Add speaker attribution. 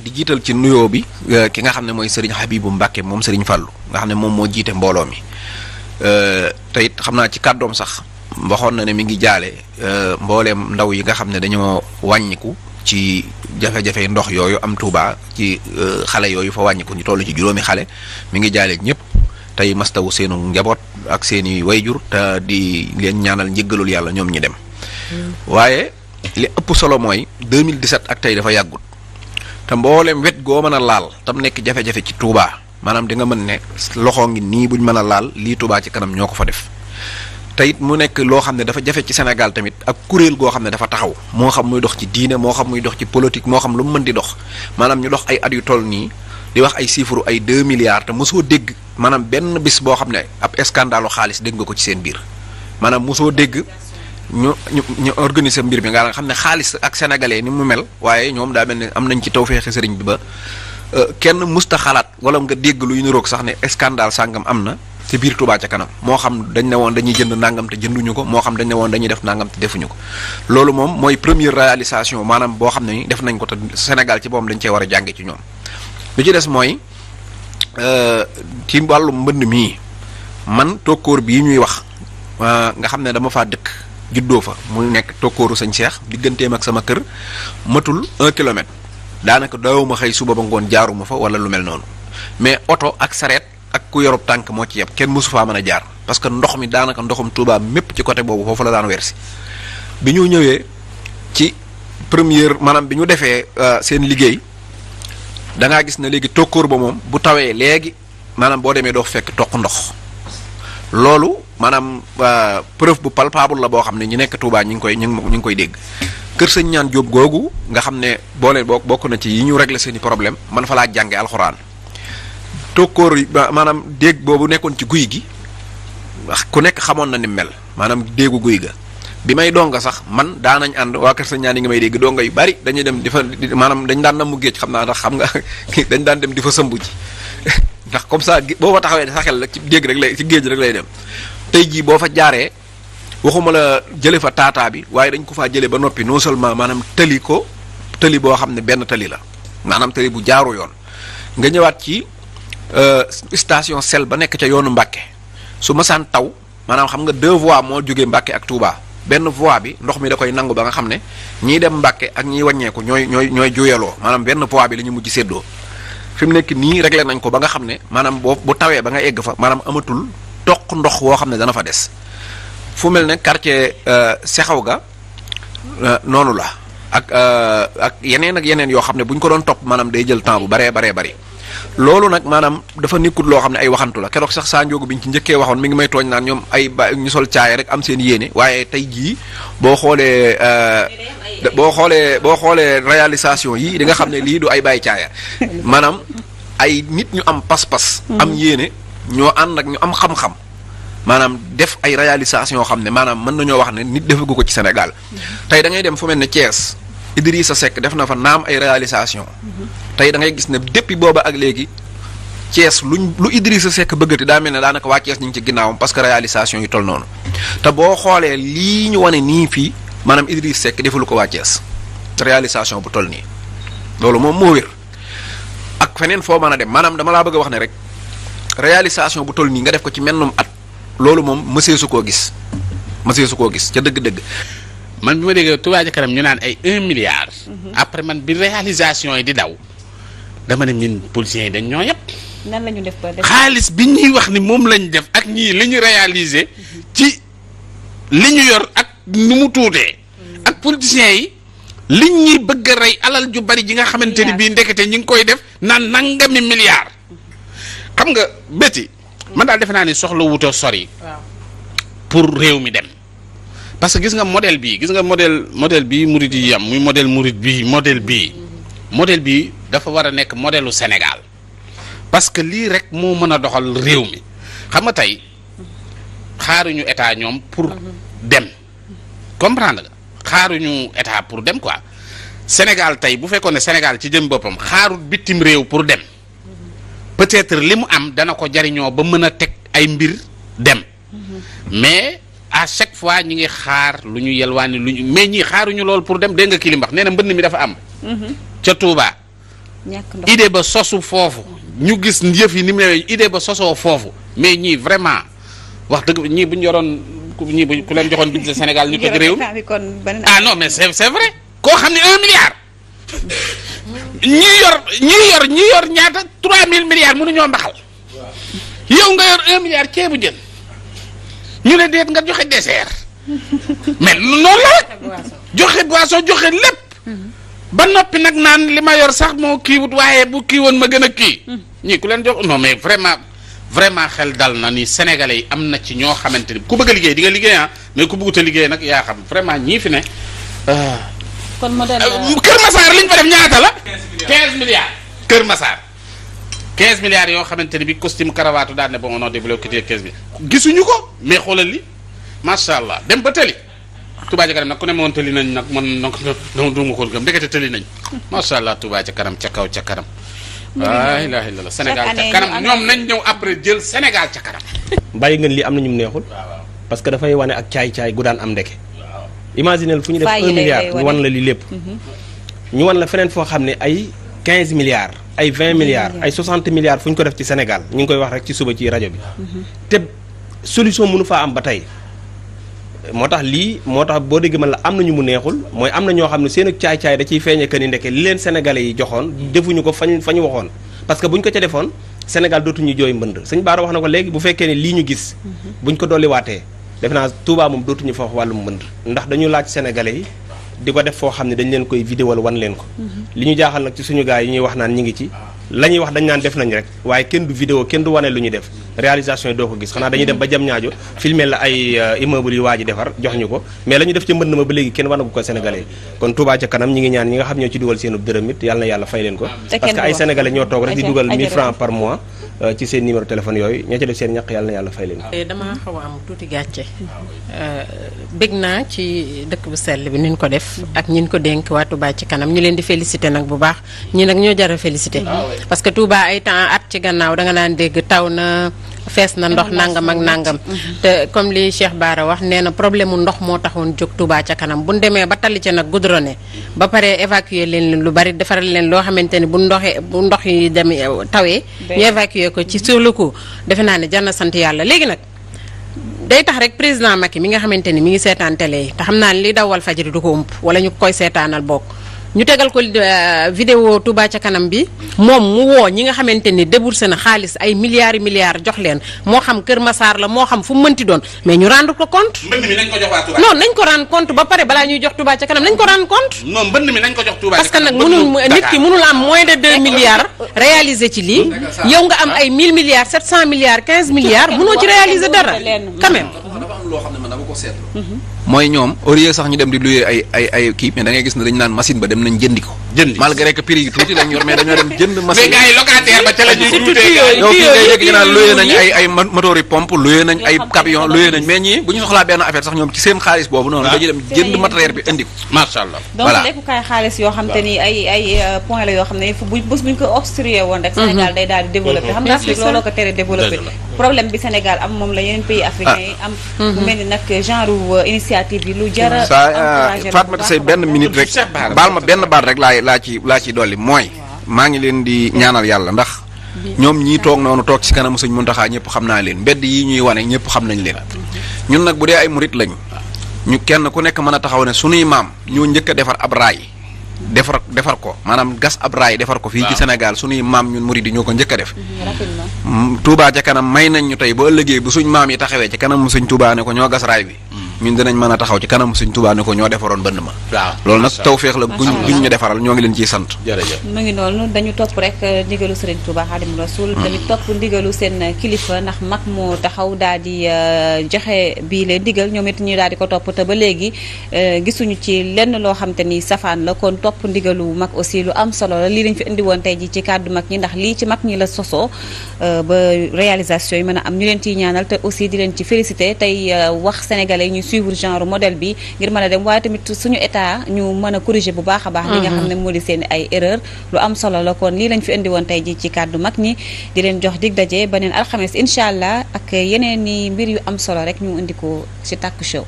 Speaker 1: di jiital ci nuyoo bi euh, ki nga xam ne mooy sëriñ Habibou Mbacke moom sëriñ Fallou nga xam ne moom moo jiite mbooloo mi euh, te it xam naa ci kàddoom sax mboxoon na ne mi ngi jaale euh, mbooleem ndaw yi nga xam ne dañoo wàññiku ci jafe-jafe ndox yooyu am tuuba ci xale yooyu fa wàññiku ñu toll ci juróomi xale mu ngi jaale ñëpp tey mastawu seenu njaboot ak seeni wayjur te di leen ñaanal njëggalul yàlla ñoom ñi dem mm. waaye li ëpp solo mooy 2017 ak tey dafa yàggut te mboolem wet goo mën a laal tam nekk jafe-jafe ci Touba maanaam di nga mën ne loxo ngi nii buñ mën a laal lii Touba ci kanam ñoo ko fa def te it mu nekk loo xam ne dafa jafe ci Sénégal tamit ak kuréel goo xam ne dafa taxaw moo xam muy dox ci diine moo xam muy dox ci politique moo xam lu mu mën di dox maanaam ñu dox ay at yu toll nii di wax ay chiffres ay 2 milliards te mosoo dégg maanaam benn bis boo xam ne ab scandalu xaalis dégg nga ko ci seen biir maanaam mosoo dégg ñu ñu ñu organiser mbir bi nga xam ne xaalis ak sénégalais ni mu mel waaye ñoom daa mel ne am nañ ci tawféexe sëriñ bi ba euh, kenn musta xalaat wala nga dégg luy niroog sax ne scandale sàngam am na ci biir Touba ca kanam moo xam dañ ne woon dañuy jënd nangam te jënduñu ko moo xam dañ ne woon dañuy def nangam defuñu ko loolu moom mooy première réalisation maanaam boo xam ne ni def nañ ko te Sénégal ci boppam dañ cee war a jànge ci ñoom lu ci des mooy euh, ci wàllum mbënd mii man tokkoor bii ñuy wax euh, nga xam ne dama faa dëkk. juddoo fa mu nekk tokkooru sañ Cheikh digganteem ak sama kër matul un kilomètre daanaka daawuma xëy suba ba ngoon jaaruma fa wala lu mel noonu mais oto ak sareet ak ku yorob tànk moo ci yem kenn mosu faa mën a jaar parce que ndox mi daanaka ndoxum Touba mépp ci côté boobu foofu la daan wersi bi ñu ñëwee ci première maanaam bi ñu defee euh, seen liggéey da gis na léegi tokkoor ba moom bu tawee léegi maanaam boo demee doo fekk toq ndox loolu maanaam euh, preuve bu palpable la boo xam ne ñi nekk Touba ñi ngi koy ñu ngi koy dégg kër sëñ ñaan Jóob googu nga xam ne boole boo bokk na ci yi ñu régler seen i problème man fa laa jànge alxuraan tokkoor maanaam déeg boobu nekkoon ci guy gi wax ku nekk xamoon na ni mel maanaam déegu guy ga bi may donga sax man daanañ ànd waa kër sëñ ñaan yi nga may dégg donga yu bari dañuy dem di fa maanaam dañ daan namm géej xam naa ndax xam nga dañ daan dem di fa sëmb ji ndax comme ça boo fa taxawee sa xel rek ci dégg rek lay ci géej rek lay dem tey jii boo fa jaaree waxuma la jële fa taataa bi waaye dañ ko faa jële ba noppi non seulement maanaam tëli ko tëli boo xam ne benn tëli la maanaam tëli bu jaaru yoon nga ñëwaat ci euh, station sel ba nekk ca yoonu Mbàkke su masaan taw maanaam xam nga deux voies moo jógee Mbàkke ak Touba benn voie bi ndox mi da koy nangu ba nga xam ne ñiy dem Mbàkke ak ñiy wàññeeku ñooy ñooy ñooy juyaloo maanaam benn voie bi la ñu mujj séddoo fi mu nekk nii réglé nañ ko ba nga xam ne maanaam boo bu tawee ba nga egg fa maanaam amatul toq ndox woo xam ne dana fa des fu mel ne quartier euh, sexaw ga euh, noonu la ak euh, ak yeneen ak yeneen yoo xam ne bu ñu ko doon topp maanaam day jël temps bu bare baree bari loolu nag maanaam dafa nekkut loo xam ne ay waxantu la keroog sax saa njóogu bi ñu ci njëkkee waxoon mi ngi may tooñ naan ñoom ay ba ñu sol caaya rek seen yéene waaye tey jii boo xoolee euh, boo xoolee boo xoolee réalisation yi di nga xam ne lii du ay bàyyi caaya maanaam ay nit ñu am pas-pas am yéene ñoo ànd ak ñu am xam-xam maanaam def ay réalisation yoo xam ne maanaam mën nañoo wax ne nit defagu ko ci Sénégal tey da dem fu mel ne Thiès sa Seck def na fa naam ay réalisation tey da ngay gis ne depuis booba ak léegi Thiès luñ lu Idrissa Seck bëggati daa mel ne daanaka waa Thiès ñu ci ginnaawam parce que réalisation yu toll noonu te boo xoolee lii ñu wane nii fii maanaam Idrissa Seck defalu ko waa Thiès bu toll nii loolu moom moo wér ak feneen foo mën a dem maanaam dama laa bëgg wax ne rek réalisation bu toll nii nga def
Speaker 2: ko ci mennum at loolu moom mësee su koo gis mësee su koo gis ca dëgg-dëgg man bi ma déggee Touba Ca Kanam ñu naan ay un milliard. Mhm. après man bi réalisation yi di daw dama ne ñun policiers yi dañ ñoo yëpp.
Speaker 3: nan la ñu def ba xaalis
Speaker 2: bi ñuy wax ni moom lañ def ak ñii li ñu réaliser mhm. ci li ñu yor ak nu mu tuutee. Mhm. ak politiciens yi liñ ñuy bëgg a rey alal ju bari ji nga xamante ni bii ndekete ñi ngi koy def naan nangami milliard. xam nga bétti. man daal defe naa ni soxla wuutoo sori. pour réew mi dem. parce que gis nga modèle bii gis nga modèle modèle bii murid yi am muy modèle murid bii modèle bii modèle bii dafa war a nekk modèle u Sénégal parce que lii rek moo mën a doxal réew mi xam nga tey xaaruñu état ñoom pour dem comprendre xaaruñu état pour dem quoi Sénégal tey bu fekkoon ne Sénégal ci jëm boppam xaarut bitim réew pour dem peut-être li mu am dana ko jariñoo ba mën a teg ay mbir dem mais à chaque fois ñu ngi xaar lu ñu yelwaani lu ñu mais ñii xaaruñu lool pour dem dégg nga kii li wax nee na mbënn mi dafa am. Mhm. ca Touba. idée ba sosu foofu. ñu gis yëf yi ni mu newee idée ba sosoo foofu mais ñii vraiment wax dëgg ñii bu ñu yoroon ñii bu ku leen joxoon budget Sénégal ñu tëj réew mi ah non mais c'est koo xam ne un milliard. ñi yor ñi yor ñi yor ñaata 3000 milliards mënuñoo mbaxal. yow nga yor un milliard ceebu jën. ñu ne déet nga joxe dessert mais noonu la rek joxe boisson joxe lépp ba noppi nag naan li ma yor sax moo kiiwut waaye bu kii woon ma gën a kii ñii ku leen jox non mais vraiment vraiment xel dal na ni sénégalais yi am na ci ñoo xamante ni ku bëgg a liggéey di nga liggéey ah, mais ku bëggut liggéey nag yaa xam vraiment ñii fi ne ah. kon Kër Massar liñ fa def ñaata la Kër Massar 15 milliards yoo xamante ne bi costume cravate daan ne bon on a débloqué 15 milliards gisuñu ko mais xoolal li macha allah dem ba tëli Touba ca kanam nag ku ne moon tëli nañ nag man donc du ma ko gëm ndekete tëli nañ macha allah Touba ca kanam ca kaw ca kanam. laa ilaaha illallaah Sénégal ca kanam ñoom nañ ñëw après jël Sénégal ca kanam.
Speaker 4: bàyyi ngeen lii am na ñu neexul. parce que dafay wane ak caay-caay gu daan am ndeke. waaw imaginel fu ñu def. 1 milliard ñu wan la li lépp. Mm-hmm. ñu wan la feneen foo xam ne ay 15 milliards. ay vingt milliards ay soixante milliards fu ñu ko def ci Sénégal ñu ngi koy wax rek ci suba ci rajo bi te solution mënu faa am ba tey moo tax lii moo tax boo dégg ma la am nañu mu neexul mooy am na ñoo xam ne seen caay-caay da ciy feeñe que ni ndeke li leen sénégalais yi joxoon defuñu ko fañ fa ñu waxoon parce que bu ñu ko ca defoon Sénégal dootuñu jooy mbënd sëñ Baara wax na ko léegi bu fekkee ne lii ñu gis mhm. buñ ko dolliwaatee defe naa Touba moom dootuñu fa wax mbënd ndax dañu laaj sénégalais yi di ko def foo xam ne dañ leen koy vidéo wan leen ko li ñu jaaxal nag ci suñu gars yi ñuy wax naan ñi ngi ci la wax dañ naan def nañ rek waaye kenn du vidéo kenn du wane lu ñu def réalisation yi doo ko gis xanaa dañuy dem ba jam ñaajo filmer la ay euh, immeuble yu waa defar jox ñu ko mais la ñu def ca mbënd ma ba léegi kenn wanagu ko sénégalais kon Touba ca kanam ñi ngi ñaan ñi nga xam ñoo ci dugal seen ub dërëm it yàlla yàlla fay leen ko parce ay sénégalais ñoo toog rek di mois Euh, ci seen numéro téléphone yooyu ña ca def seen ñaq yàlla na
Speaker 5: yàlla fay leen. Eh, damaa xaw am tuuti gàcce. Euh, bëgg naa ci dëkk bu sell bi ni ko def ak ñi ko dénk waa Touba ci kanam ñu leen di félicité nag bu baax ñii nag ñoo jar a félicité. Ah parce que Touba ay temps at ci gannaaw danga naan dégg taw na. fees na ndox nangam ak nangam. Mhm. te comme li Cheikh Bara wax nee na problème mu ndox moo taxoon jóg Touba ca kanam bu ñu demee ba tali ca nag goudronné ba pare évacuer leen lu bari defaral leen loo xamante ni bu ndoxee bu ndox yi demee eh, tawee. ñu évacuer ko ci sur le coup defe naa ne jar sant yàlla léegi nag. day tax rek président Macky mi nga xamante ni mu ngi seetaan télé yi te xam naa ne li daw Walfadjri du ko ump wala ñu koy seetaanal bokk. ñu tegal ko euh, vidéo Touba ca kanam bi moom mu woo ñi nga xamante ni déboursé na xaalis ay milliards yi jox leen moo xam Kër Massar la moo xam fu mu mënti doon mais ñu rendre ko compte. mbënd mi nañ ko jox waa compte ba pare balaa ñuy jox Touba ca kanam nañ ko rendre compte. ko jox Touba parce que nag mënul nit ki mënul am moins de 2 milliards réalisé ci lii yow nga am ay 1000 milliards 700 milliards 15 milliards mënoo ci réaliser dara
Speaker 1: quand même. loo xam ne ko seetlu mhm. mooy ñoom au sax ñu dem di louer ay ay ay kii mais da ngay gis ne dañu naan machine ba dem nañ jëndi ko jëndi malgré que prix yi tuuti lañ yor mais dañoo dem jënd machine mais gars yi locataire ba ca la ñuy tuutee yow fii ngay dégg ñu naan loué nañ ay ay moteur yi pompe loué nañ ay camion loué nañ mais ñii bu ñu soxlaa benn affaire sax ñoom ci seen xaalis boobu noonu ah. dañuy dem jënd matériel
Speaker 2: bi indi ko macha allah donc
Speaker 3: lekkukaay xaalis yoo xam te ni ay ay euh, point la yoo xam ne fu bu bés buñ ko obstrué woon rek Sénégal mhm. day daal di développé mhm. xam nga Afrique looloo ko tere développé problème bi Sénégal am moom la yeneen pays africain yi ah. am mhm. mu mel ni nag genre euh, initiative yi lu jara euh, Fatmata
Speaker 1: say benn minute rek baal ma benn baat rek laay laay laa ci laa ci dolli mooy. maa ngi leen di ñaanal yàlla ndax. ñoom ñii toog noonu toog ci kanam suñ mun Muntaxa ñëpp xam naa leen mbedd yi ñuy wane ñëpp xam nañ leen. ñun nag bu dee ay murit lañu ñu kenn ku nekk mën a taxaw ne suñuy maam ñoo njëkk defar ab raay. defar defar ko maanaam gas ab raay defar ko. fii ci Sénégal suñuy maam ñun murit yi ñoo ko njëkk def.
Speaker 3: Mm-hmm.
Speaker 1: Mm, Touba ca kanam may nañ ñu tey ba ëllëgee bu suñ maam yi taxawee ci kanam suñ Touba ne ko ñoo gas raay bi. ñu dinañ mën a taxaw ci kanam suñ Tuubaa ne ko ñoo defaroon bënd ma.
Speaker 2: waaw loolu nag tawféex
Speaker 1: la buñ buñ ñu defaral ñoo ngi leen ciy sant. jërëjëf
Speaker 3: mu ngi noonu dañu topp rek uh, ndigalu Serigne Touba Xaadimu Rasuul. tamit hmm. topp ndigalu seen uh, kilifa ndax mag moo taxaw daal di uh, joxe bii leen ndigal ñoom it ñu daal di ko topp te ba léegi gisuñu ci lenn loo xam ni safaan la kon topp ndigalu mag aussi lu am solo la lii lañ fi indi woon tey ji ci kàddu mag ñi ndax lii ci mag ñi la sosoo ba réalisation yi man a am ñu leen ciy ñaanal te aussi di leen ci félicité tey wax sénégalais suivre genre modèle bi ngir mën a dem waaye tamit suñu état ñu mën a corriger bu baax a baax. li nga xam ne moo di seen ay erreur lu am solo la kon lii lañ fi indi woon tey ji ci kàddu mag ñi di leen jox dig daje beneen alxames incha allah ak yeneen i mbir yu am solo rek ñu indi ko ci Taku Show.